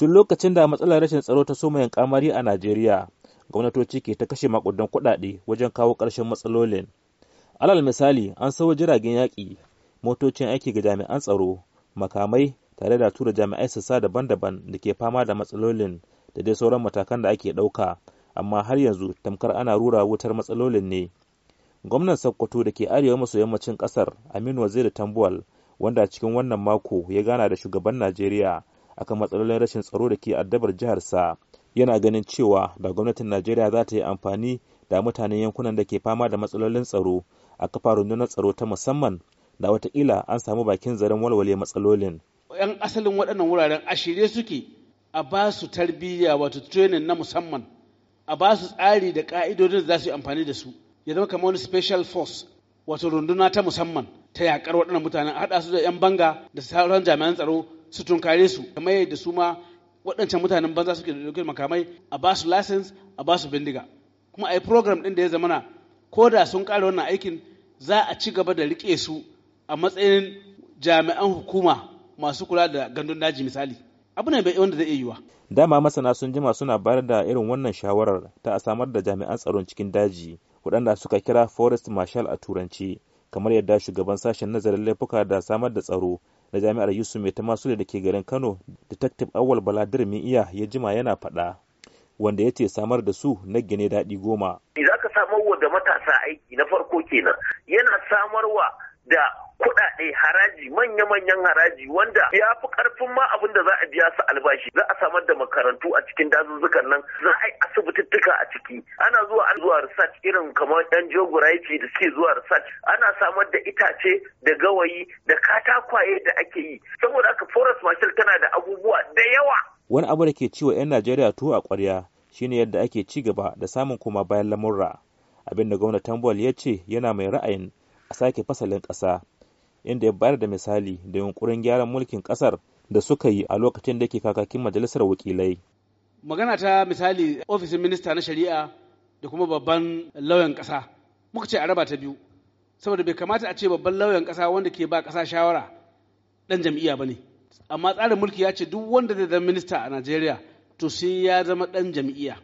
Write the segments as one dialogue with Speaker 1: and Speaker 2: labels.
Speaker 1: tun lokacin da matsalar rashin tsaro ta soma yin kamari a najeriya gwamnatoci ke ta kashe makudan kuɗaɗe wajen kawo ƙarshen matsalolin alal misali an sauwa jiragen yaƙi motocin aiki ga jami'an tsaro makamai tare da tura jami'ai sassa daban-daban da ke fama da matsalolin da dai sauran matakan da ake ɗauka amma har yanzu tamkar ana rura wutar matsalolin ne gwamnan sokoto da ke arewa maso yammacin ƙasar aminu waziri tambuwal wanda cikin wannan mako ya gana da shugaban najeriya akan matsalolin rashin tsaro da ke addabar jiharsa yana ganin cewa da gwamnatin najeriya za ta yi amfani da mutanen yankunan da ke fama da matsalolin tsaro a kafa rundunar tsaro ta musamman da watakila an samu bakin zaren walwale matsalolin.
Speaker 2: 'yan asalin waɗannan wuraren a shirye suke a ba su tarbiyya wato training na musamman a ba su tsari da ka'idodin da za su yi amfani da su ya zama kamar wani special force wato runduna ta musamman ta yakar waɗannan mutanen a haɗa su da 'yan banga da sauran jami'an tsaro su tunkare su kamar yadda su ma waɗancan mutanen banza suke da dokar makamai a ba su license a ba su bindiga kuma a yi program ɗin da ya zamana ko da sun ƙara wannan aikin za a ci gaba da riƙe su a matsayin jami'an hukuma masu kula da gandun daji misali abu ne wanda zai iya yiwa
Speaker 1: dama masana sun jima suna bayar da irin wannan shawarar ta a samar da jami'an tsaron cikin daji waɗanda suka kira forest marshal a turanci kamar yadda shugaban sashen nazarin laifuka da samar da tsaro na jami'ar yusuf mai ta masu da ke garin kano detective awal bala dirmin iya ya jima yana faɗa wanda ya ce samar da su na gine daɗi goma.
Speaker 3: za ka samar wa da matasa aiki na farko kenan yana samarwa da kuɗaɗe haraji manya-manyan haraji wanda ya fi ƙarfin ma abin da za a biya su albashi za a samar da makarantu a cikin dazuzzukan nan za a yi asibiti zuwa research irin kamar yan geography da suke zuwa research ana samar da itace da gawayi da katakwaye da ake yi saboda haka forest marshal tana da abubuwa da yawa
Speaker 1: wani abu da ke ciwo 'yan najeriya tuwo a kwarya shine yadda ake ci gaba da samun koma bayan lamurra abin da gwamnatin bol ya ce yana mai ra'ayin a sake fasalin ƙasa inda ya bayar da misali da yunkurin gyaran mulkin ƙasar da suka yi a lokacin da ke kakakin majalisar wakilai
Speaker 2: magana ta misali ofishin minista na shari'a da kuma babban lauyan ƙasa muka ce a raba ta biyu saboda bai kamata a ce babban lauyan ƙasa wanda ke ba ƙasa shawara ɗan jam'iyya ba ne amma tsarin mulki ya ce duk wanda zai zama minista a najeriya to sai ya zama ɗan jam'iyya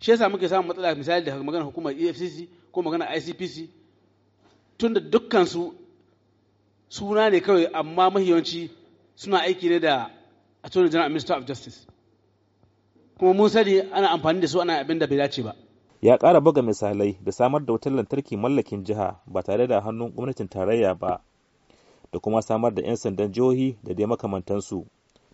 Speaker 2: shi yasa muke samun matsala misali da magana hukumar efcc ko magana icpc tunda dukkansu suna ne kawai amma mahiyanci suna aiki ne da attorney general minister of justice kuma mun sani ana amfani da su ana abin da bai dace ba
Speaker 1: ya ƙara buga misalai da samar da wutar lantarki mallakin jiha ba tare da hannun gwamnatin tarayya ba da kuma samar da 'yan sandan jihohi da dai makamantansu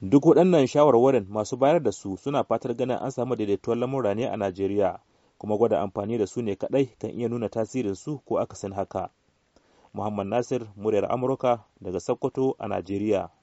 Speaker 1: duk waɗannan shawarwarin masu bayar da su suna fatar ganin an samu daidaituwar lamura ne a najeriya kuma gwada amfani da su ne kaɗai kan iya nuna tasirin su ko akasin haka muhammad nasir muryar amurka daga sokoto a najeriya